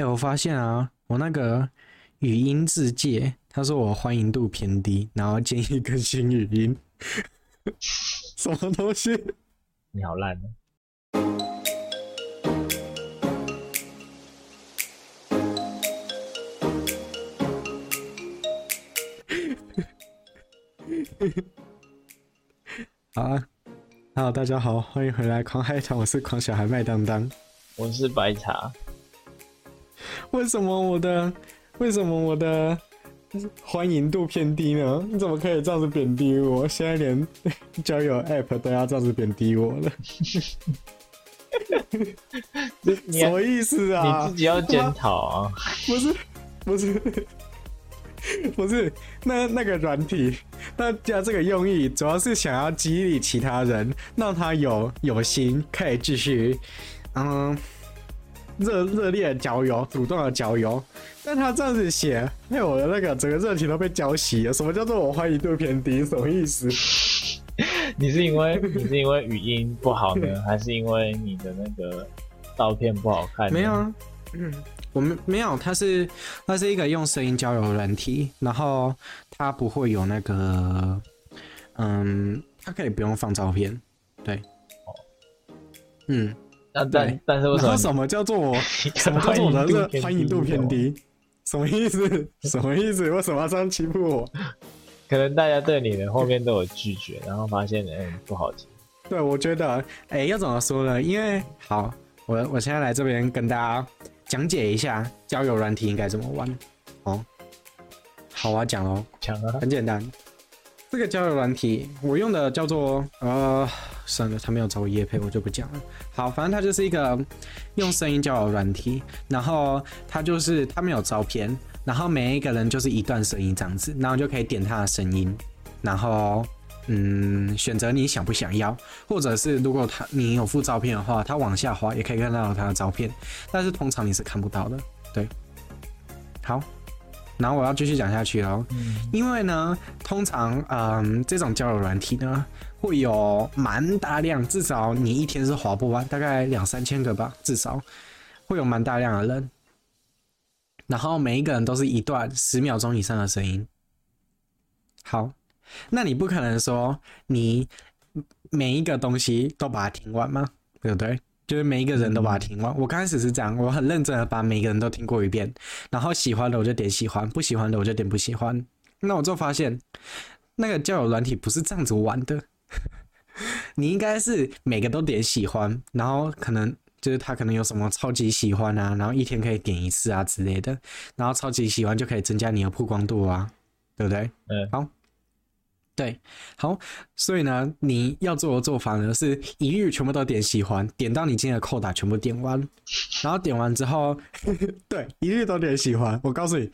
哎，我發現啊，我那個語音自介，他說我歡迎度偏低，然後建議更新語音， 什麼東西？你好爛 好啊，Hello，大家好，歡迎回來狂嗨團，我是狂小孩麥當當，我是白茶。為什麼我的為什麼我的歡迎度偏低呢？你怎麼可以這樣子貶低我？現在連交友 app 都要這樣子貶低我了，你 什麼意思啊？你自己要檢討啊！不是不是 不是，那那個軟體大家這個用意主要是想要激勵其他人，讓他有有心可以繼續，嗯。熱熱熱烈的交友，主動的交友。但他這樣子寫，害我的那個整個熱情都被澆熄了。什麼叫做我歡迎度偏低？什麼意思？ 你是因為你是因為語音不好呢， 還是因為你的那個照片不好看？沒有啊，嗯、我們沒有，它是它是一個用聲音交友的軟體，然後它不會有那個，嗯，它可以不用放照片，對，哦、嗯。啊，但對，但是為什麼？叫做我什麼叫做人熱 歡迎度偏低？ 什麼意思？什麼意思？為什麼要這樣欺負我？ 可能大家對你的後面都有拒絕， 然後發現哎不好聽。對，我覺得哎、欸、要怎麼說呢？因為好，我我現在來這邊跟大家講解一下交友軟體應該怎麼玩。哦，好啊，講哦，講啊，很簡單。這個交友軟體我用的叫做呃。算了，他沒有找我業配，我就不講了。好，反正他就是一個用聲音交友軟體，然後他就是他沒有照片，然後每一個人就是一段聲音這樣子，然後就可以點他的聲音，然後嗯選擇你想不想要，或者是如果他你有附照片的話，他往下滑也可以看到他的照片，但是通常你是看不到的。對，好，然後我要繼續講下去嘍，嗯、因為呢，通常嗯、呃、這種交友軟體呢。會有蠻大量，至少你一天是滑不完，大概兩三千個吧，至少會有蠻大量的人。然後每一個人都是一段十秒鐘以上的聲音。好，那你不可能說你每一個東西都把它聽完嗎？對不對？就是每一個人都把它聽完。我剛開始是這樣，我很認真的把每一個人都聽過一遍，然後喜歡的我就點喜歡，不喜歡的我就點不喜歡。那我就發現，那個交友軟體不是這樣子玩的。 你應該是每個都點喜歡，然後可能就是他可能有什麼超級喜歡啊，然後一天可以點一次啊之類的，然後超級喜歡就可以增加你的曝光度啊，對不對？嗯，對，好，對，好，所以呢，你要做的做法呢，是一律全部都點喜歡，點到你今天的扣打全部點完，然後點完之後， 對，一律都點喜歡。我告訴你，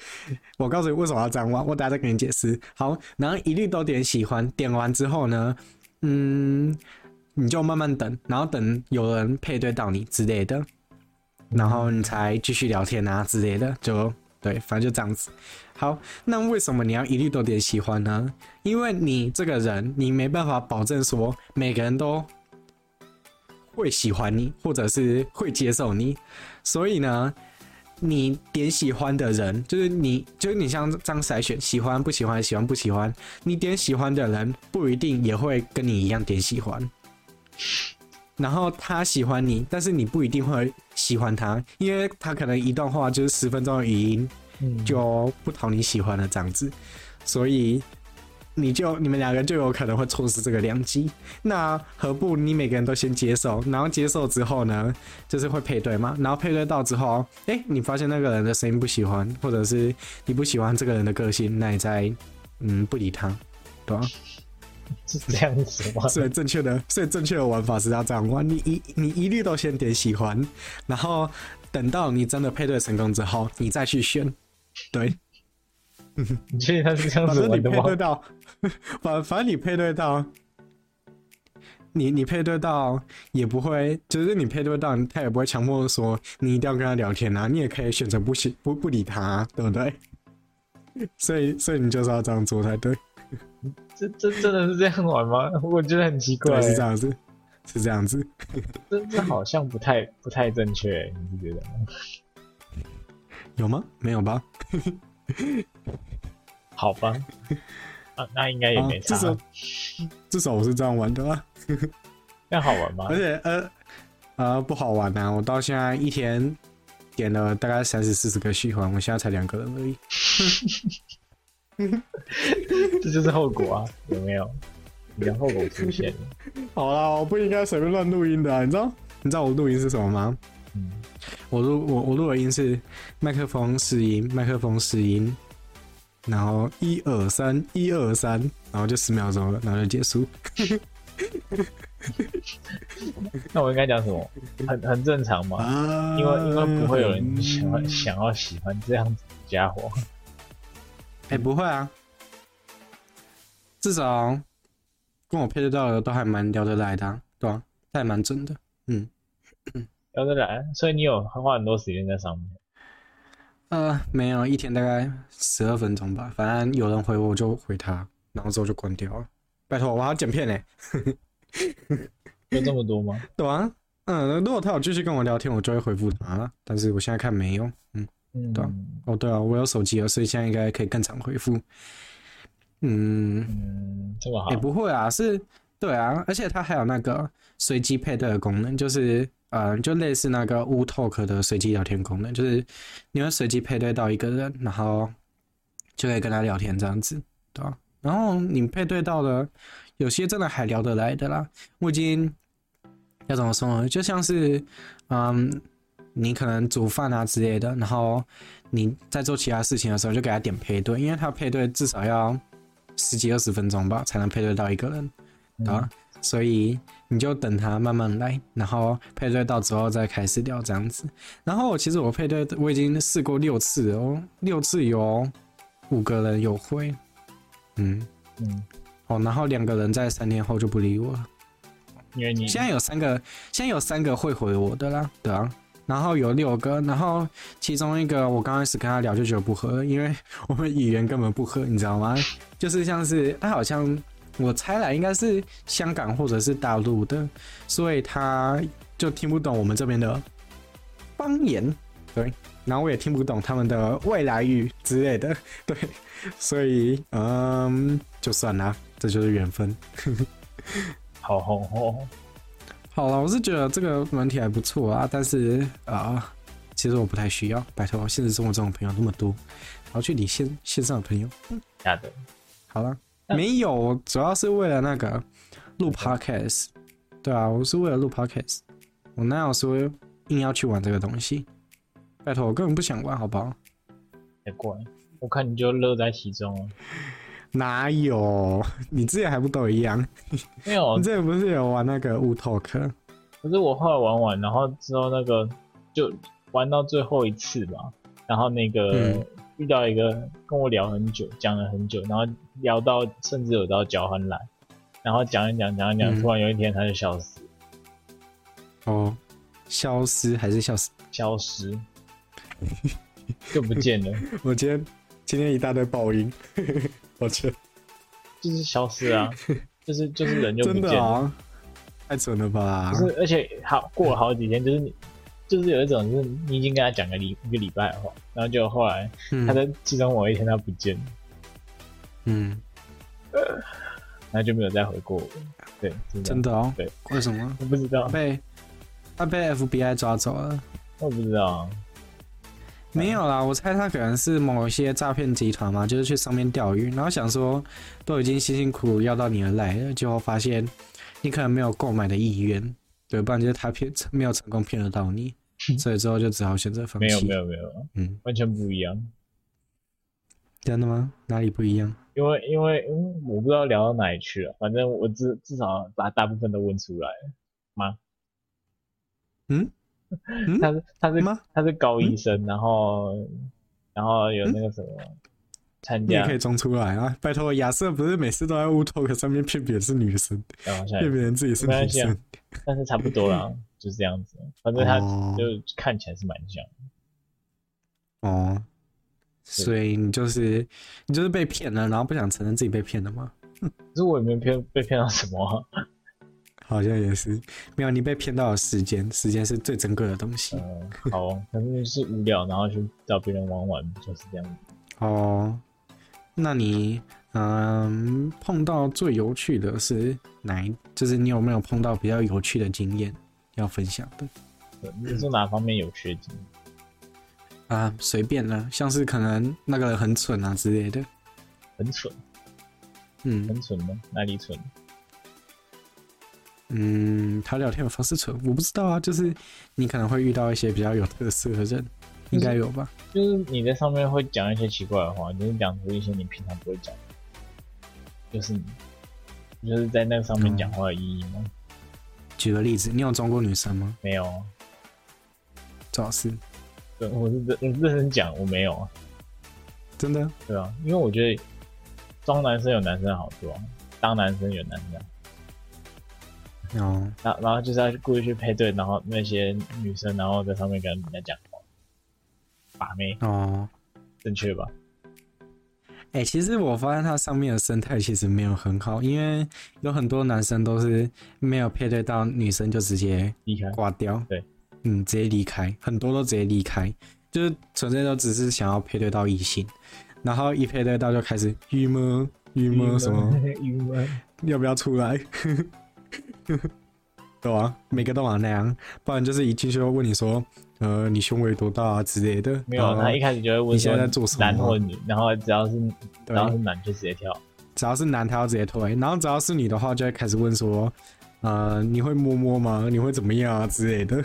我告訴你為什麼要這樣玩，我等下再給你解釋。好，然後一律都點喜歡，點完之後呢？嗯，你就慢慢等，然後等有人配對到你之類的，然後你才繼續聊天啊之類的，就對，反正就這樣子。好，那為什麼你要一律都點喜歡呢？因為你這個人，你沒辦法保證說每個人都會喜歡你，或者是會接受你，所以呢。你點喜歡的人，就是你，就是你像這樣篩選，喜歡不喜歡，喜歡不喜歡。你點喜歡的人不一定也會跟你一樣點喜歡，然後他喜歡你，但是你不一定會喜歡他，因為他可能一段話就是十分鐘的語音，嗯、就不討你喜歡了這樣子，所以。你就你們兩個就有可能會錯失這個良機，那何不你每個人都先接受，然後接受之後呢，就是會配對嘛，然後配對到之後哎、欸，你發現那個人的聲音不喜歡，或者是你不喜歡這個人的個性，那你再嗯不理他，懂是這樣子的話，所以正確的，所以正確的玩法是要這樣玩，你一你一律都先點喜歡，然後等到你真的配對成功之後，你再去選，對。嗯，其實他是這樣子玩的嘛。反反正你配對到，反反正你配對到，你你配對到也不會，就是你配對到，他也不會強迫說你一定要跟他聊天吶、啊，你也可以選擇不喜不不理他，對不對？所以所以你就是要這樣做才對。這這真的是這樣玩嗎？我覺得很奇怪對。是這樣子，是這樣子。這這好像不太不太正確，你不覺得？有嗎？沒有吧。好吧，那應該也沒啥、啊。至少我是這樣玩的啦，這樣好玩嗎？而且呃，呃不好玩吶、啊！我到現在一天點了大概三十、四十個喜歡，我現在才兩個人而已。這就是後果啊，有沒有？你的後果我出現了。好啦，我不應該隨便亂錄音的、啊，你知道？你知道我錄音是什麼嗎？我錄我我錄的音是麥克風試音，麥克風試音，然後一二三一二三，然後就十秒鐘了，然後就結束。 那我應該講什麼？很很正常嘛，啊、因為因為不會有人想、嗯、想要喜歡這樣子的家伙。哎、欸，不會啊，至少跟我配對到的都還蠻聊得來的、啊，對吧、啊？他還蠻真的，嗯。 要再來，所以你有花很多時間在上面。呃，沒有，一天大概十二分鐘吧。反正有人回我，我就回他，然後之後就關掉了。拜托，我還要剪片呢、欸。 有那麼多嗎？對啊，嗯，如果他有繼續跟我聊天，我就會回覆他。但是我現在看沒有，嗯，嗯對啊，哦對啊，我有手機了，所以現在應該可以更常回覆。嗯，嗯，這麼好。也、欸、不會啊，是，對啊，而且它還有那個隨機配對的功能，就是。嗯，就類似那個 WooTalk 的隨機聊天功能，就是你會隨機配對到一個人，然後就可以跟他聊天這樣子，對吧？然後你配對到了，有些真的還聊得來的啦。我已經要怎麼說呢？就像是，嗯，你可能煮飯啊之類的，然後你在做其他事情的時候就給他點配對，因為他配對至少要十幾二十分鐘吧，才能配對到一個人，啊，嗯、所以。你就等他慢慢來，然後配對到之後再開始聊。這樣子。然後其實我配對我已經試過六次哦，六次有五個人有回，嗯嗯，哦，然後兩個人在三天後就不理我了。因為你現在有三個，現在有三個會回我的啦，對啊，然後有六個，然後其中一個我剛開始跟他聊就覺得不合，因為我們語言根本不合，你知道嗎？就是像是他好像。我猜了，應該是香港或者是大陸的，所以他就聽不懂我們這邊的方言，對。然後我也聽不懂他們的外來語之類的，對。所以，嗯，就算啦，這就是緣分。呵呵，好好好，好了，我是覺得這個軟體還不錯啊，但是啊、呃，其實我不太需要，拜托，現實生活中的朋友那麼多，然後去理線線上的朋友，嗯，下的，好了。但 沒有，主要是為了那個錄 podcast，對啊，我是為了錄 podcast，我哪有說硬要去玩這個東西？拜托，我根本不想玩，好不好？才怪，我看你就樂在其中，哪有？你自己還不都一樣？沒有， 你這不是有玩那個 Wootalk？可是我後來玩完，然後之後那個就玩到最後一次吧，然後那個、嗯、遇到一個跟我聊很久，講了很久，然後。聊到甚至有到腳很懶，然後講一講講一講，嗯、突然有一天他就消失。哦，消失還是消失？消失， 就不見了。我今天今天一大堆報應，好吃就是消失啊， 就是就是人就不見了，哦、太準了吧？不、就是，而且好過了好幾天， 就是你就是有一種就是你已經跟他講個禮 一個禮拜的話，然後就後來他在其中某一天他不見了。嗯嗯，那、呃、就沒有再回過。對，真的哦。對，為什麼？我不知道。被他被、被 FBI 抓走了。我不知道、啊。沒有啦，我猜他可能是某一些詐騙集團嘛，就是去上面釣魚，然後想說都已經辛辛苦苦要到你的賴，最後發現你可能沒有購買的意願，對，不然就是他騙，沒有成功騙得到你，嗯、所以之後就只好選擇放棄。沒有，沒有，沒有。嗯，完全不一樣。真的嗎？哪裡不一樣？因為因為嗯，我不知道聊到哪裡去了，反正我至至少把大，大部分都問出來了嗎、嗯？嗯，他是他是他嗎是高醫生，嗯、然後然後有那個什麼、嗯、參加，你也可以裝出來啊！拜託，亞瑟不是每次都在烏托克上面騙別人是女生，騙、啊、別人自己是女生，啊、 但是差不多啦。就是這樣子，反正他就看起來是蠻像的哦。哦所以你就是對你就是被騙了，然後不想承認自己被騙了嗎？可是我也沒騙，被騙到什麼、啊？好像也是沒有。你被騙到了時間，時間是最珍貴的東西。呃、好，反正就是無聊， 然後去找別人玩玩，就是這樣子。哦，那你嗯、呃，碰到最有趣的是哪一？就是你有沒有碰到比較有趣的經驗要分享的？你是哪方面有趣的經驗？嗯啊，隨便了，像是可能那個人很蠢啊之類的，很蠢，嗯，很蠢嗎？哪裡蠢？嗯，他聊天的方式蠢，我不知道啊。就是你可能會遇到一些比較有特色的人，就是、應該有吧？就是你在上面會講一些奇怪的話，就是講出一些你平常不會講，就是你就是在那個上面講話的意義嗎、嗯？舉個例子，你有裝過女生嗎？沒有，最好是。對，我是認真認真講，我沒有、啊，真的。對啊，因為我覺得裝男生有男生的好處，當男生有男生。哦。然、啊、然後就是要故意去配對，然後那些女生，然後在上面跟人家講話，把妹。哦，正確吧？哎、欸，其實我發現它上面的生態其實沒有很好，因為有很多男生都是沒有配對到女生就直接離開掛掉。對。嗯，直接離開，很多都直接離開，就是純粹都只是想要配對到異性，然後一配對到就開始約嗎、約嗎什麼，約嗎， 要不要出來？ 對啊，每個都嘛那樣，不然就是一進去就會問你說，呃，你胸圍多大啊之類的。沒有，呃、他一開始就會問，你現在在做什麼？男或女？然後只要是，然後只要是男就直接跳，只要是男他要直接推。然後只要是女的話，就會開始問說。啊、呃，你會摸摸嗎？你會怎麼樣啊之類的？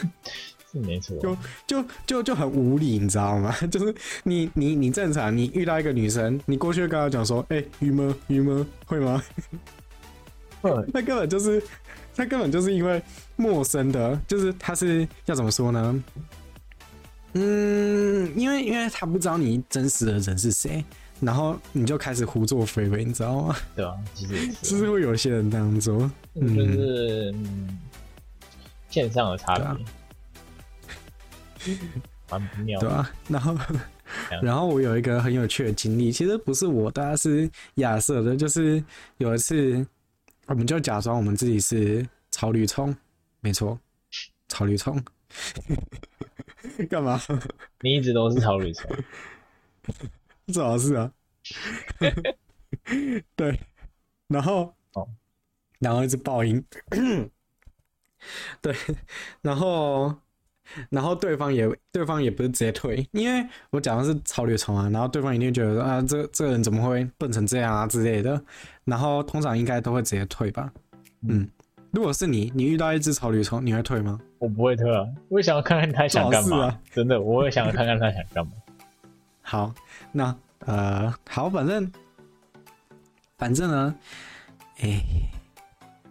是沒錯，就就就就很無理，你知道嗎？就是你你你正常，你遇到一個女生，你過去跟她講說，哎、欸，魚摸魚摸會嗎？不呵，那根本就是，那根本就是因為陌生的，就是他是要怎麼說呢？嗯，因為因為他不知道你真實的人是誰。然後你就開始胡作非為，你知道嗎？對啊，就是會有些人這樣做，就是、嗯、線上的差別，對啊、蠻不妙的，然後樣然後我有一個很有趣的經歷，其實不是我的，是亞瑟的。就是有一次，我們就假裝我們自己是草履蟲，沒錯，草履蟲， 幹嘛？你一直都是草履蟲。 做好事啊， 對，然後，哦、然後一直報應。 對，然後，然後對方也，對方也不是直接退，因為我講的是草履蟲啊，然後對方一定覺得說啊，這這個人怎麼會笨成這樣啊之類的，然後通常應該都會直接退吧，嗯，嗯，如果是你，你遇到一隻草履蟲，你會退嗎？我不會退啊，我也想要看看他想幹嘛，啊、真的，我也想要看看他想幹嘛， 好。那呃，好，反正反正呢，哎、欸，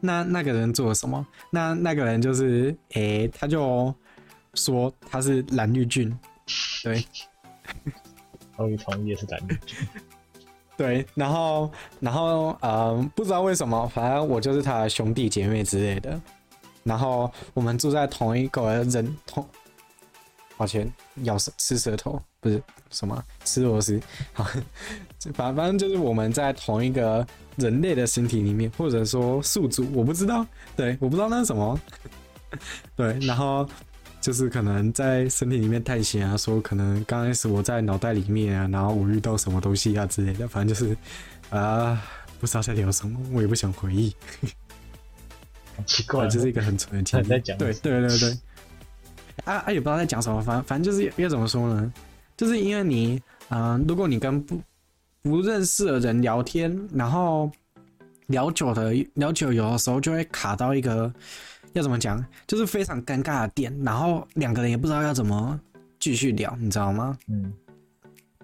那那個人做了什麼？那那個人就是哎、欸，他就說他是藍綠菌，對，我與同也是藍綠菌， 對。然後然後嗯、呃，不知道為什麼，反正我就是他的兄弟姐妹之類的。然後我們住在同一個人同。花錢咬舌吃舌頭不是什麼吃螺絲，好，反正反正就是我們在同一個人類的身體裡面，或者說宿主，我不知道，對，我不知道那是什麼，對，然後就是可能在身體裡面探險啊，說可能剛開始我在腦袋裡面啊，然後我遇到什麼東西啊之類的，反正就是啊、呃，不知道在聊什麼，我也不想回憶，很奇怪，這、就是一個很蠢的，你在講對對對對。 啊啊也不知道在講什麼，反正反正就是要要怎麼說呢？就是因為你，啊、呃，如果你跟不不認識的人聊天，然後聊久的聊久，有的時候就會卡到一個要怎麼講，就是非常尷尬的點，然後兩個人也不知道要怎麼繼續聊，你知道嗎？嗯。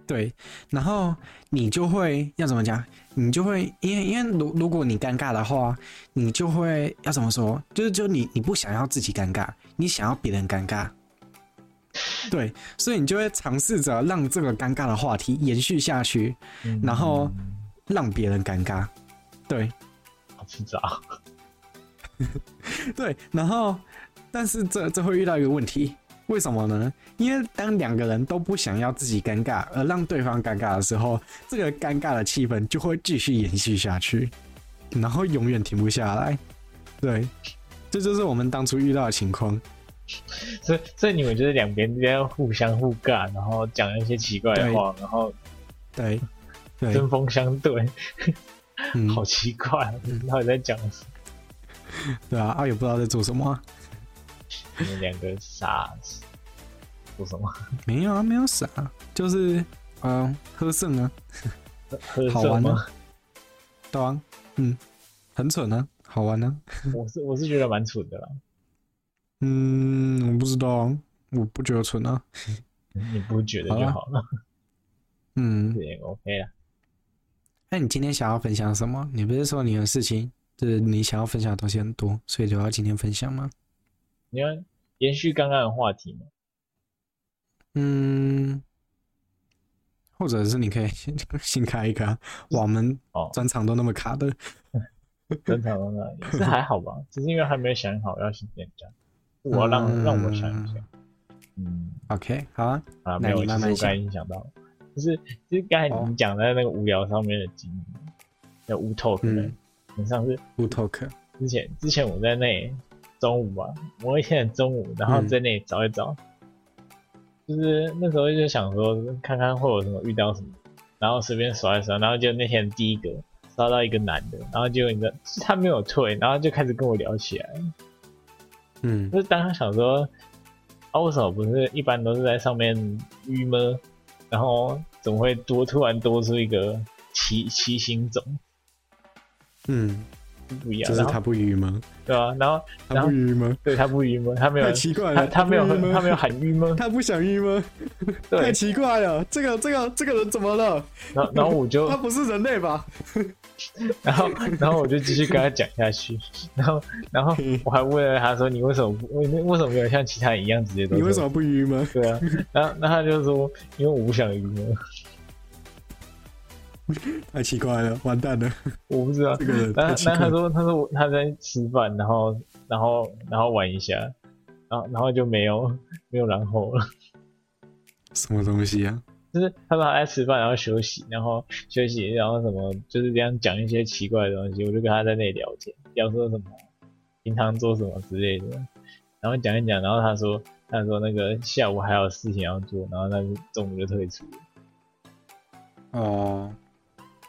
對，然後你就會要怎麼講？你就會因為因為如如果你尷尬的話，你就會要怎麼說？就是就你你不想要自己尷尬，你想要別人尷尬。 對，所以你就會嘗試着讓這個尷尬的話題延續下去， 然後讓別人尷尬。對，好吃炸。 對，然後但是這這會遇到一個問題。為什麼呢？因為當兩個人都不想要自己尷尬，而讓對方尷尬的時候，這個尷尬的氣氛就會繼續延續下去，然後永遠停不下來。對，這就是我們當初遇到的情況。所以所以你們就是兩邊都要互相互尬，然後講一些奇怪的話，對然後對，針鋒相對， 好奇怪、啊。你在講什麼？對啊，阿、啊、也不知道在做什麼、啊。你們兩個傻子說什麼？沒有啊，沒有傻，就是嗯，喝剩啊，好玩、啊、嗎？大王，嗯，很蠢呢、啊，好玩呢、啊。我是我是覺得蠻蠢的啦。嗯，我不知道、啊，我不覺得蠢啊。你不覺得就好了。嗯，對，OK 啊。那、嗯 okay 欸、你今天想要分享什麼？你不是說你有事情就是你想要分享的東西很多，所以就要今天分享嗎？你要延續剛剛的話題嗎？嗯，或者是你可以先先開一個網是門哦，專場都那麼卡的，哦、呵呵專場都那樣，這 還好吧？只是因為還沒想好要先點講，嗯、我讓讓我們想一想。嗯，OK，好啊啊，沒有，那是我剛剛想到，就是就是剛才你講在那個無聊上面的經驗那、哦、叫透頭課，好、嗯、像是烏透課。之前之前我在那。中午吧，我一天中午，然後在那裡找一找，嗯、就是那時候就想說，看看會有什麼遇到什麼，然後隨便刷一刷，然後就那天第一個刷到一個男的，然後就你知道他沒有退，然後就開始跟我聊起來，嗯，就是當他想說，啊、為什麼不是一般都是在上面鬱悶，然後怎麼會多突然多出一個奇奇星種，嗯。不一樣，就是他不約嗎？對啊，然後，然後他不約嗎？對，他不約嗎？他沒有，很奇怪，他，他沒有，他沒有喊約嗎？他不想約嗎？ 對太奇怪了，這個這個這個人怎麼了？然後然後我就 他不是人類吧？ 然後然後我就繼續跟他講下去。然後然後我還問了他說：“你為什麼不為為什麼沒有像其他人一樣直接？”你為什麼不約嗎？對啊，然後那他就說：“因為我不想約嗎？” 太奇怪了，完蛋了！我不知道，這個人但但他說，他說他在吃飯，然後然後然後玩一下，然後就沒有沒有然後了。什麼東西呀、啊？就是他說他愛吃飯，然後休息，然後休息，然後什麼就是這樣講一些奇怪的東西。我就跟他在那裡聊天，聊說什麼，平常做什麼之類的，然後講一講，然後他說他說那個下午還有事情要做，然後他就中午就退出了。哦、uh。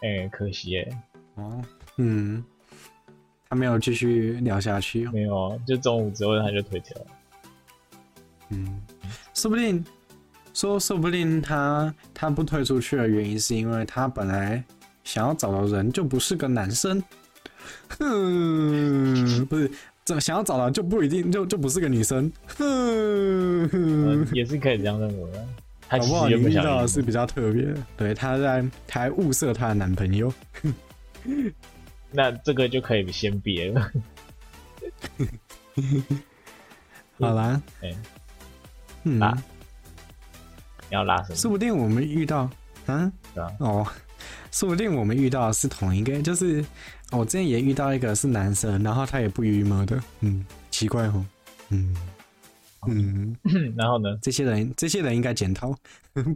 哎、欸，可惜哎、欸。哦，嗯，他沒有繼續聊下去，喔。沒有，就中午之後他就退掉了。嗯，說不定，說，說不定他他不退出去的原因，是因為他本來想要找的人就不是個男生。哼， 不是，這想要找的就不一定就就不是個女生。哼、 嗯，也是可以這樣認為。搞不好你遇到的是比較特別的，對，她在，她物色她的男朋友， 那這個就可以先別了。 好了啦，欸、嗯，你拉要拉什麼？說不定我們遇到，嗯、啊，啊、哦，說不定我們遇到的是同一個，就是我之前也遇到一個，是男生，然後他也不愚萌的，嗯，奇怪哦，嗯。嗯，然後呢？這些人，這些人應該檢討，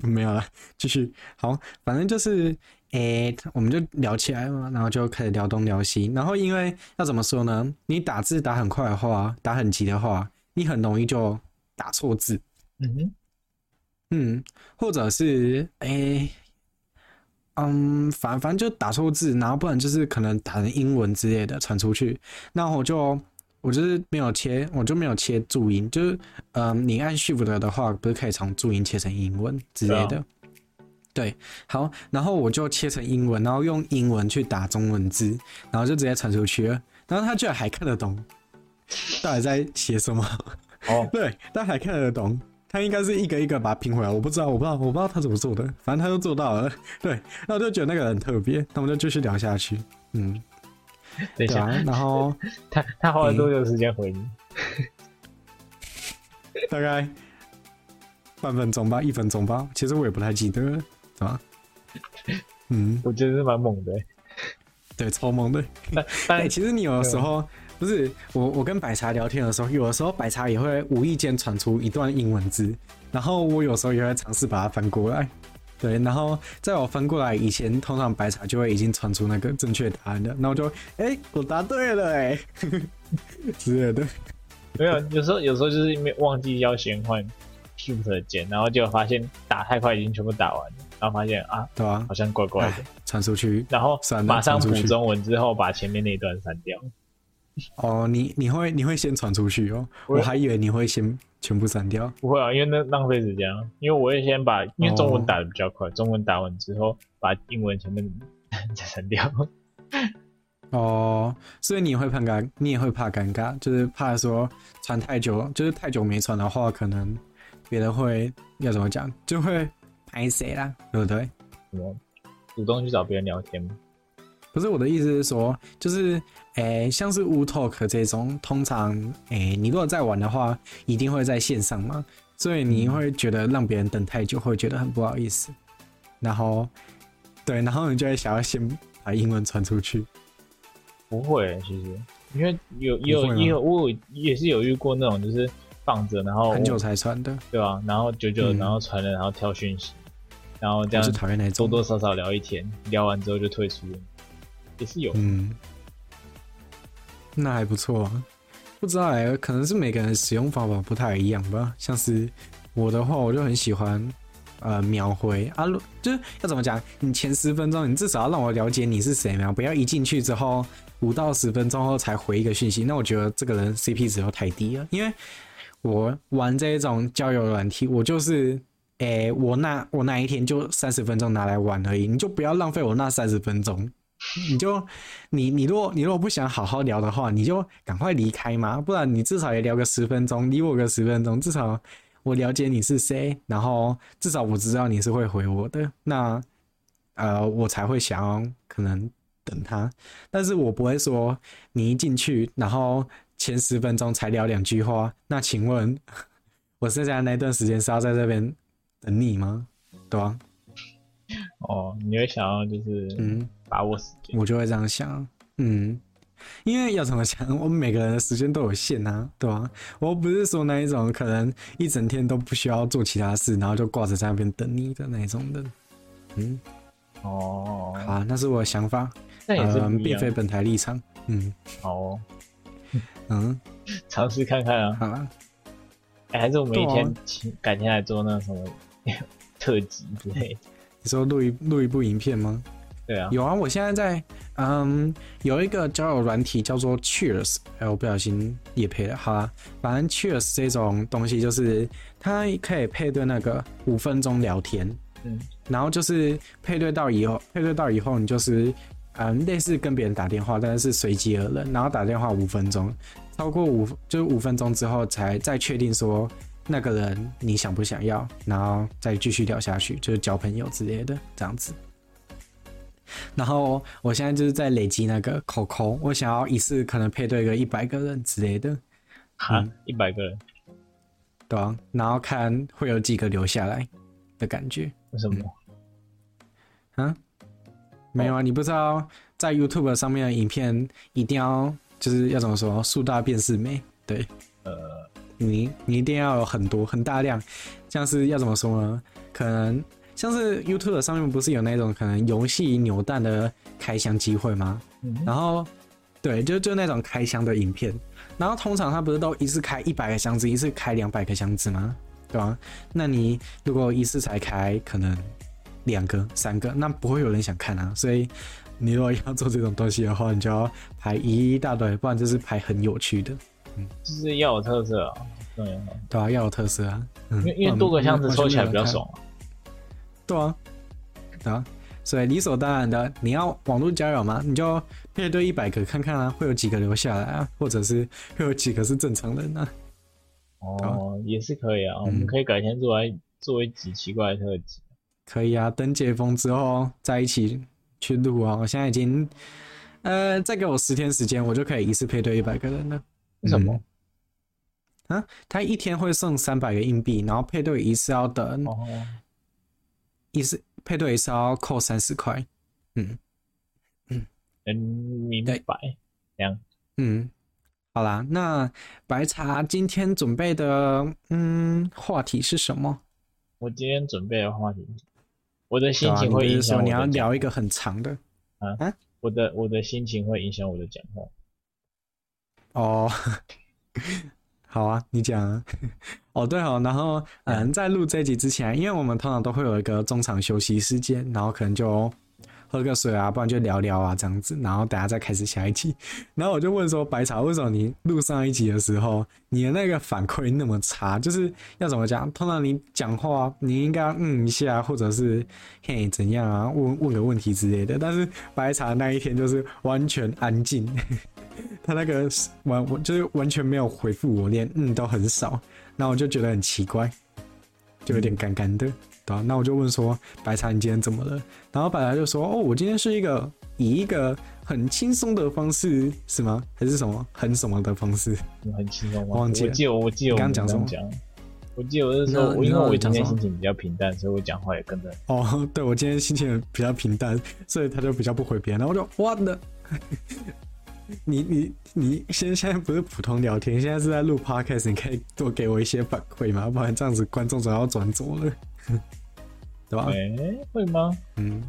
沒有啦。繼續，好，反正就是，誒，我們就聊起來嘛，然後就開始聊東聊西。然後因為要怎麼說呢？你打字打很快的話，打很急的話，你很容易就打錯字。嗯哼，嗯，或者是，誒，嗯，反反正就打錯字，然後不然就是可能打成英文之類的傳出去。那我就。我就是沒有切，我就沒有切注音，就是，嗯、呃，你按 shift 的話，不是可以從注音切成英文之類的，對，啊、對，好，然後我就切成英文，然後用英文去打中文字，然後就直接傳出去了，然後他居然還看得懂，到底在寫什麼？哦，oh. 對，他還看得懂，他應該是一個一個把它拼回來，我不知道，我不知道，我不知道他怎麼做的，反正他都做到了，對，然後我就覺得那個人很特別，那我們就繼續聊下去，嗯。對、啊、然後他他花了多久時間回你，嗯？大概半分鐘吧，一分鐘吧。其實我也不太記得，怎麼？嗯，我覺得是蠻猛的，欸，對，超猛的。但、啊啊欸、其實你有的時候，嗎不是我我跟白茶聊天的時候，有的時候白茶也會無意間傳出一段英文字，然後我有時候也會嘗試把它翻過來。對，然後在我翻過來以前，通常白茶就會已經傳出那個正確答案了。那我就，哎，我答對了，欸，哎， 是的，對，沒有，有時候有時候就是因為忘記要先換 shift 鍵，然後結果發現打太快已經全部打完了，然後發現啊，對啊，好像怪怪的，傳出去，然後算了馬上補中文之後，然後把前面那一段刪掉。哦，你你會你會先傳出去哦，我，有我還以為你會先。全部刪掉？不會啊，因為那浪費時間啊。因為我也先把，因為中文打的比較快，哦、中文打完之後，把英文前面再刪掉。哦，所以你會怕尷，你也會怕尷尬，就是怕說傳太久，就是太久沒傳的話，可能別人會要怎麼講，就會拍誰啦，對不對？我主動去找別人聊天嗎？可是我的意思是說，就是，哎、欸，像是 WooTalk 這種，通常，哎、欸，你如果在玩的話，一定會在線上嘛，所以你會覺得讓別人等太久，會覺得很不好意思。然後，對，然後你就會想要先把英文傳出去。不會，其實，因為有有有我也是有遇過那種，就是放着，然後很久才傳的，對啊，然後久久，嗯、然後傳了，然後跳訊息，然後這樣就是討厭那種，多多少少聊一天，聊完之後就退出。也是有，嗯，那還不錯啊。不知道哎、欸，可能是每個人使用方法不太一樣吧。像是我的話，我就很喜歡，呃，秒回啊，就是要怎麼講？你前十分鐘，你至少要讓我了解你是誰嘛，不要一進去之後五到十分鐘後才回一個訊息。那我覺得這個人 CP 值又太低了，因為我玩這種交友軟體，我就是，哎、欸，我那我那一天就三十分鐘拿來玩而已，你就不要浪費我那三十分鐘。你就，你你若你若不想好好聊的話，你就趕快離開嘛，不然你至少也聊個十分鐘，理我個十分鐘，至少我了解你是誰，然後至少我知道你是會回我的，那呃我才會想可能等他，但是我不會說你一進去，然後前十分鐘才聊兩句話，那請問我剩下那段時間是要在這邊等你嗎？對吧，啊哦，你會想要就是把我嗯把握時間，我就會這樣想。啊，嗯，因為要怎麼想，我們每個人的時間都有限啊，對吧，啊？我不是說那一種可能一整天都不需要做其他事，然後就掛着在那邊等你的那一種的，嗯，哦，好，啊，那是我的想法，那也是，呃、並非本台立場，嗯，好哦，嗯，嘗試 看看啊，啊，欸，還是我們一天，啊，改天來做那什麼特輯之類。對你說錄一錄一部影片嗎？對啊，有啊，我現在在，嗯，有一個交友軟體叫做 Cheers，哎、欸，我不小心也配了，好啦，反正 Cheers 這種東西就是它可以配對那個五分鐘聊天，嗯對，然後就是配對到以後，配對到以後你就是，嗯，類似跟別人打電話，但是隨機而論，然後打電話五分鐘，超過五就是五分鐘之後才再確定說。那個人你想不想要？然後再繼續聊下去，就是交朋友之類的這樣子。然後我現在就是在累積那個口口，我想要一次可能配對個一百個人之類的。啊哈，一百、嗯、個人？對啊，然後看會有幾個留下來的感覺。為什麼？嗯、啊，沒有啊，你不知道在 YouTube 上面的影片一定要就是要怎麼說，數大便是美，對。你你一定要有很多很大量，像是要怎麼說呢？可能像是 YouTube 上面不是有那種可能遊戲扭蛋的開箱機會嗎？然後，對，就就那種開箱的影片。然後通常他不是都一次開一百個箱子，一次開兩百個箱子嗎？對吧？那你如果一次才開可能兩個三個，那不會有人想看啊。所以你如果要做這種東西的話，你就要排一大堆，不然就是排很有趣的。就是要有特色，哦，對啊，對，啊，要有特色啊，因為因為多個個箱子抽起來比較爽啊，對啊，對啊，所以理所當然的，你要網絡交友嘛，你就配對一百個看看啊，會有幾個留下來啊，或者是會有幾個是正常人啊，哦，也是可以啊，我們可以改天做來做一集奇怪的特輯，可以啊，等解封之後再一起去錄啊，我現在已經，呃，再給我十天時間，我就可以一次配對一百個人了。什麼、嗯？啊？他一天會送三百個硬幣，然後配對一次要等，一次配對一次要扣三十塊。嗯嗯，嗯，明白。這樣對，嗯，好啦，那白茶今天準備的，嗯，話題是什麼？我今天準備的話題，我的心情會影響。你要聊一個很長的啊？啊我的我的心情會影響我的講話。哦，好啊，你講啊。哦對哦，然後嗯，在錄這一集之前，因為我們通常都會有一個中場休息時間，然後可能就喝個水啊，不然就聊聊啊這樣子，然後等下再開始下一集。然後我就問說，白茶，為什麼你錄上一集的時候，你的那個反饋那麼差？就是要怎麼講？通常你講話，你應該嗯一下，或者是嘿怎樣啊，問問個問題之類的。但是白茶那一天就是完全安靜。他那個完我就是完全沒有回復我，連嗯都很少，那我就覺得很奇怪，就有點乾乾的。對啊，那我就問說：“白茶，你今天怎麼了？”然後白茶就說：“哦，我今天是一個以一個很輕鬆的方式，是嗎？還是什麼很什麼的方式？很輕鬆我忘記了，我我剛講什麼我記得我那時候，no, 因為我今天心情比較平淡，所以我講話也跟着。哦，對，我今天心情比較平淡，所以他就比較不回別人。然後我就，我的。你你你，現現在不是普通聊天，現在是在錄 podcast，你可以多給我一些反饋嗎？不然這樣子觀眾總要轉走了， 對吧？哎、欸，會嗎？嗯，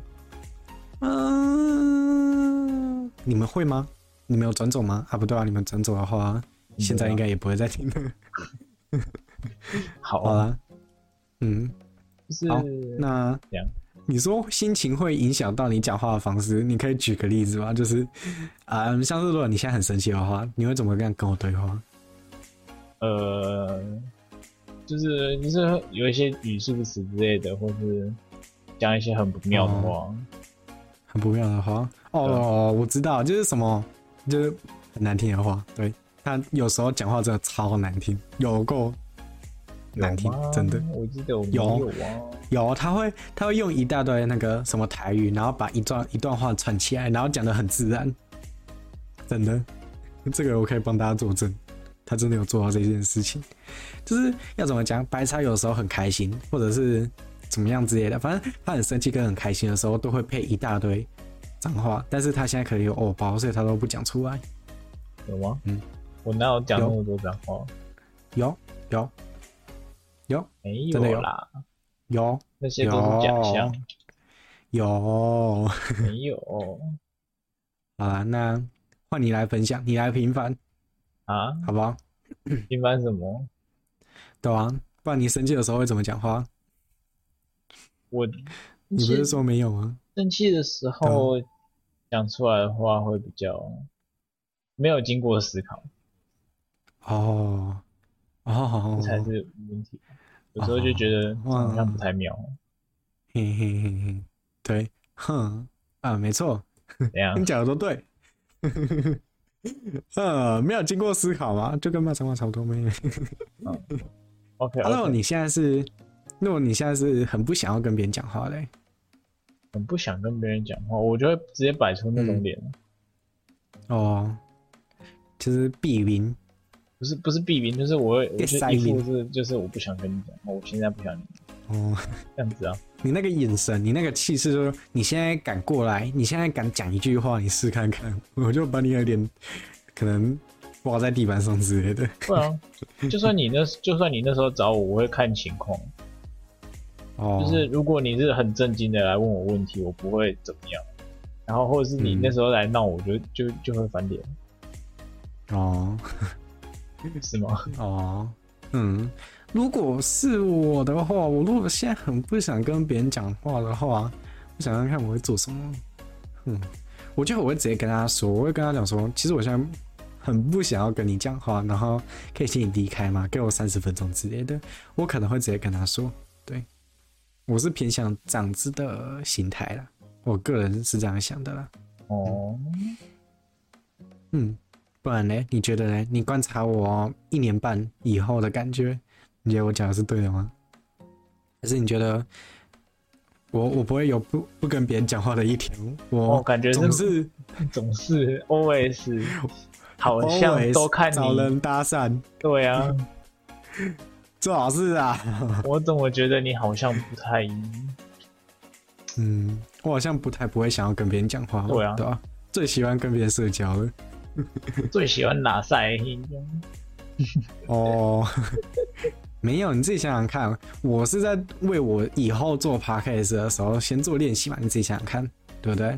嗯、呃，你們會嗎？你們有轉走嗎？啊，不對啊，你們轉走的話，現在應該也不會再聽了。 好啊，好嗯，就是 好，那你說心情會影響到你講話的方式，你可以舉個例子嗎？就是，啊、嗯，像是如果你現在很生氣的話，你會怎麼跟跟我對話？呃，就是你、就是有一些語氣詞之類的，或是講一些很不妙的話，哦、很不妙的話。哦，對哦，我知道，就是什麼，就是很難聽的話。對，他有時候講話真的超難聽，有過。難聽，真的，我記得我沒有、啊、有，他會他會用一大堆那個什麼台語，然後把一段一段話串起來，然後講的很自然，真的，這個我可以幫大家作證，他真的有做到這件事情。就是要怎麼講，白茶有時候很開心，或者是怎麼樣之類的，反正他很生氣跟很開心的時候，都會配一大堆髒話，但是他現在可能有偶包了，所以他都不講出來。有嗎？嗯，我哪有講那麼多髒話？有有。有有有，沒有，有，有啦有！有，那些都是假象。有，沒有。好啦，那換你來分享，你來平凡。啊，好吧？平凡什麼 ？對啊，不然你生氣的時候會怎麼講話？我，你不是說沒有嗎？生氣的時候講出來的話會比較沒有經過思考。哦哦哦，哦這才是問題。有時候就覺得哇，那不太妙。嘿、哦、嘿嘿嘿，對，哼啊，沒錯樣，你講的都對。呵嗯，沒有經過思考嗎？就跟罵髒話差不多，沒有。哦、okay, OK。那麼你現在是，那麼你現在是很不想要跟別人講話嘞，很不想跟別人講話，我就會直接擺出那種臉、嗯。哦，就是避孕不是不是避名，就是我會，會 Get 一副是就是我不想跟你講，我現在不想你。哦，這樣子啊？你那個眼神，你那個氣勢，就是說你現在敢過來，你現在敢講一句話，你試看看，我就把你有點可能掛在地板上之類的。對然、啊、就算你那，就算你那時候找我，我會看情況。哦。就是如果你是很正經的來問我問題，我不會怎麼樣。然後或者是你那時候來鬧，我就、嗯、就就，就會翻臉。哦。這個是嗎？哦，嗯，如果是我的話，我如果現在很不想跟別人講話的話，我想想看，看我會做什麼。嗯，我就我會直接跟他說，我會跟他講說，其實我現在很不想要跟你講話，然後可以請你離開嘛，給我三十分鐘之類的。我可能會直接跟他說，對，我是偏向長子的心態啦。我個人是這樣想的啦。哦，嗯。不然呢？你覺得呢？你觀察我一年半以後的感覺，你覺得我講的是對的嗎？還是你覺得我我不會有不不跟別人講話的一天？我、哦、感覺是總是總是， 總是 always，好像都看你找人搭訕。對啊， 做好事啊！ 我怎麼覺得你好像不太……嗯，我好像不太不會想要跟別人講話。對啊，對啊，最喜歡跟別人社交了。 我最喜歡哪賽？哦 ，oh, 沒有，你自己想想看，我是在為我以後做 Podcast 的時候先做練習嘛？你自己想想看，對不對？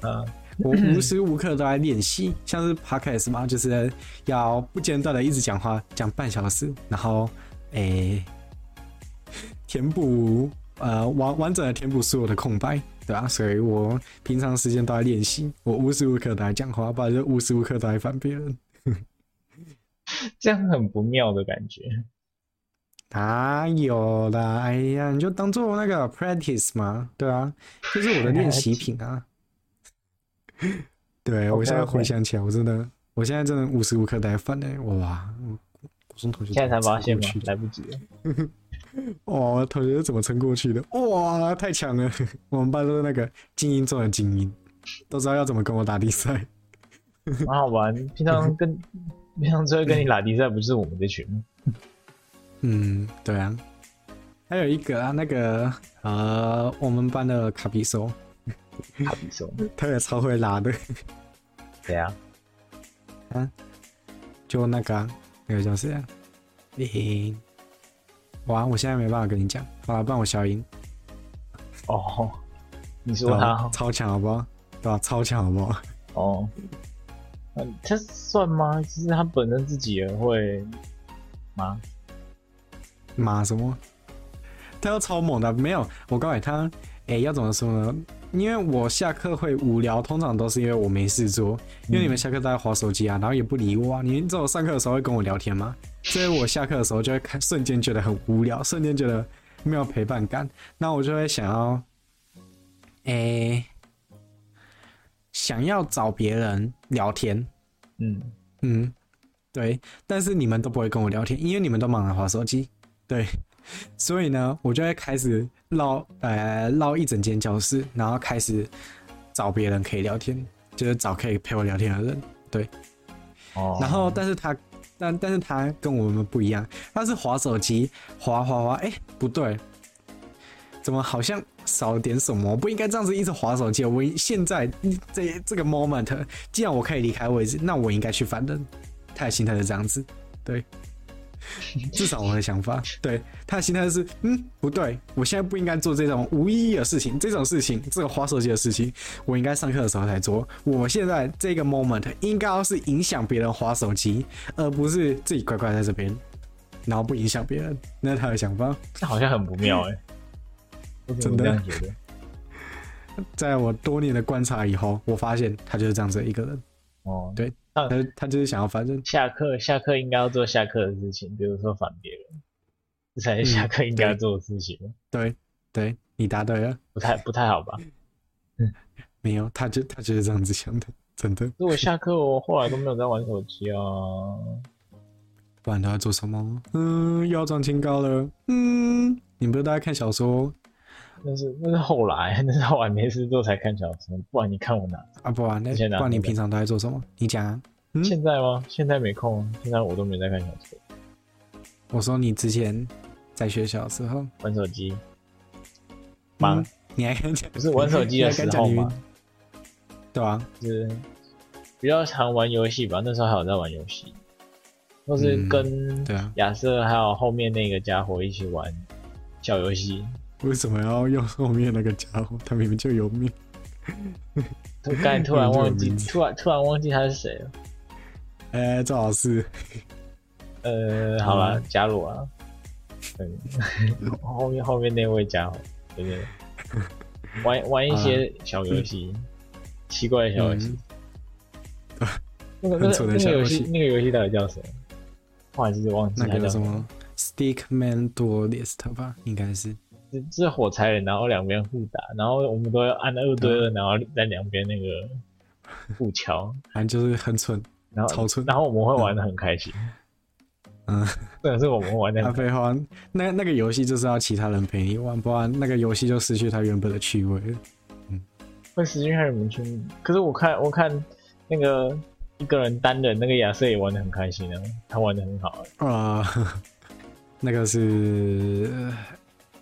啊，uh, 我無時無刻都在練習，像是 Podcast 嘛，就是要不間斷的一直講話，講半小時，然後誒、欸，填補。呃，完完整的填補所有的空白，對吧、啊？所以我平常時間都在練習，我無時無刻都在講話，不然就無時無刻都在翻篇， 這樣很不妙的感覺。哪、啊、有？啦，哎呀，你就當做那個 practice 嘛，對啊，就是我的練習品啊。還還 對，我現在回想起來，我真的，我現在真的無時無刻都在翻呢。哇，我我現在才發現嗎？來不及了。 哇，同學是怎麼撐過去的？哇，太強了！我們班都是那個精英中的精英，都知道要怎麼跟我打比賽，蠻好玩。平常跟、嗯、平常只會跟你打比賽，不是我們這群嗎？嗯，對啊。還有一個啊，那個呃，我們班的卡皮松，卡皮松，他也超會拉的。誰樣啊？嗯，就那個、啊，那個叫誰啊？林、欸。啊，我現在沒辦法跟你講，幫我幫我消音。哦，你說他超強，好不好？對吧？超強，好不好？哦，嗯、啊，他算嗎？其實他本身自己也會馬馬什麼？他都超猛的，沒有。我告訴你，他哎，要怎麼說呢？因為我下課會無聊，通常都是因為我沒事做。嗯、因為你們下課都在滑手機啊，然後也不理我啊。你這我上課的時候會跟我聊天嗎？所以我下課的時候就會看，瞬間覺得很無聊，瞬間覺得沒有陪伴感，那我就會想要，哎、欸，想要找別人聊天，嗯嗯，對，但是你們都不會跟我聊天，因為你們都忙着滑手機，對，所以呢，我就會開始撈，呃，撈一整間教室，然後開始找別人可以聊天，就是找可以陪我聊天的人，對，哦、然後但是他。但但是他跟我們不一樣，他是滑手機，滑滑滑，哎、欸，不對，怎麼好像少了點什麼？不應該這樣子一直滑手機。我現在這這個 moment，既然我可以離開位置，那我應該去翻的，他的心態是這樣子，對。 至少我的想法，對他的心態、就是，嗯，不對，我現在不應該做這種無意義的事情，這種事情，這個滑手機的事情，我應該上課的時候才做。我現在這個 moment 應該要是影響別人滑手機，而不是自己乖乖在這邊，然後不影響別人。那他的想法，這好像很不妙哎、欸。 真的，在我多年的觀察以後，我發現他就是這樣子一個人。哦，對。他他就是想要，反正下課下課應該要做下課的事情，比如說煩別人，這才是下課應該做的事情。對對，對，你答對了，不太不太好吧？嗯， 沒有，他就他就是這樣子想的，真的。如果下課我後來都沒有在玩手機啊、喔，不然他在做什麼？嗯，又要裝清高了。嗯，你不是都在看小說。那是那是後來，那是後來沒事做才看小說，不然你看我哪？啊不啊，那現在不然你平常都在做什麼？你講、啊。嗯、現在嗎？現在沒空，現在我都沒在看小說。我說你之前在學校的時候玩手機，忙、嗯？你還敢講？不是玩手機的時候嗎？對、啊、就是，比較常玩遊戲吧。那時候還有在玩遊戲，都是跟對啊亞瑟還有後面那個傢伙一起玩小遊戲。為什麼要用後面那個家伙？他明明就有命。我 剛突然忘記，突然突然忘記他是誰了。哎、欸，趙老師。呃，好吧，佳羅、嗯、啊。嗯， 後面後面那位家伙，有點玩玩一些小遊戲，啊、奇怪的小遊戲。那個那個那個遊戲那個遊戲到底叫到底什麼？我好像就忘記那個什麼 Stickman 多列斯特吧，應該是。是火柴人，然後兩邊互打，然後我們都要按二對二，嗯、然後在兩邊那個互敲，反正、嗯、就是很蠢，然後超蠢。然後我們會玩的很開心。嗯，對、嗯，是我們玩的。啊，廢話，那那個遊戲就是要其他人陪你玩，玩，不然那個遊戲就失去它原本的趣味了。嗯，會失去它原本的趣味。可是我看，我看那個一個人單人那個亞瑟也玩的很開心啊，他玩的很好的。啊、嗯，那個是。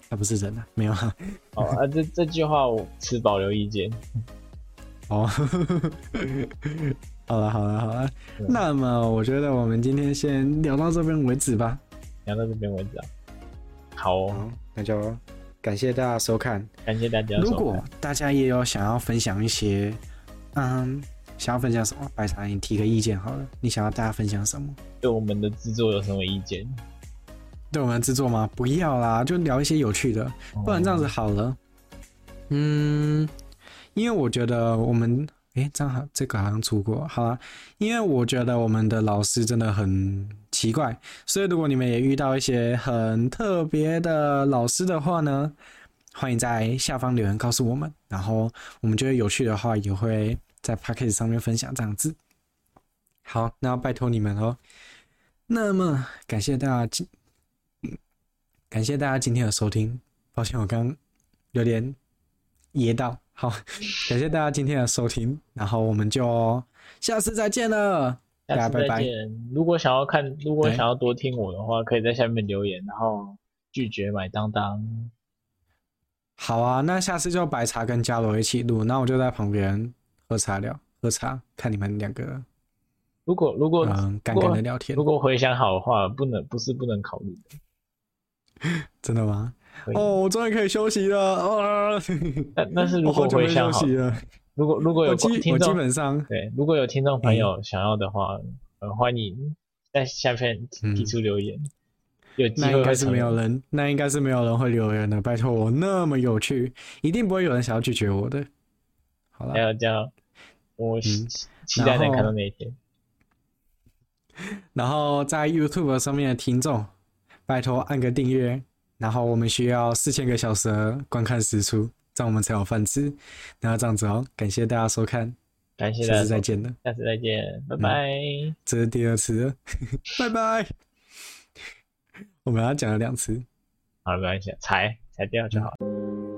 那、啊、不是真的，沒有啊？哦啊，這這句話我持保留意見。哦 ，好了好了好了，對那麼我覺得我們今天先聊到這邊為止吧。聊到這邊為止、啊，好，哦、好，那就感謝大家收看。感謝大家收看。如果大家也有想要分享一些，嗯，想要分享什麼？白茶，你提個意見好了。你想要大家分享什麼？對我們的制作有什麼意見？對我們制作嗎？不要啦，就聊一些有趣的，不然這樣子好了。嗯，因為我覺得我們，誒，這樣好，這個好像出過，好啊，因為我覺得我們的老師真的很奇怪，所以如果你們也遇到一些很特別的老師的話呢，歡迎在下方留言告訴我們，然後我們覺得有趣的話，也會在 Podcast 上面分享這樣子。好，那拜托你們哦。那麼感謝大家今。感謝大家今天的收聽，抱歉我剛剛有點噎到。好，感謝大家今天的收聽，然後我們就下次再見了。下次再見。大家拜拜。如果想要看，如果想要多聽我的話，可以在下面留言，然後拒絕麥噹噹。好啊，那下次就白茶跟佳羅一起錄，那我就在旁邊喝茶聊，喝茶，看你們兩個。如果如果，嗯，尷尬的聊天。如果如果回想好的話，不能，不是不能考慮的。真的嗎？以哦，我終於可以休息了哦、啊，那是如果 我休息了，如果如果有基聽眾眾，我基本上對，如果有聽眾朋友想要的話，嗯呃、歡迎在下面提出留言。那應該是沒有人，那應該是沒有人會留言的。拜託我那麼有趣，一定不會有人想要拒絕我的。好了，大家，我、嗯、期待能看到那一天然。然後在 YouTube 上面的聽眾。拜託按個訂閱，然後我們需要四千個小時觀看時數，這樣我們才有飯吃。然後這樣子哦，感謝大家收看，感謝大家下次再見了，下次再見，拜拜、嗯。這是第二次了， 拜拜。 我們還講了兩次，好，好了，沒關係，裁裁掉就好。了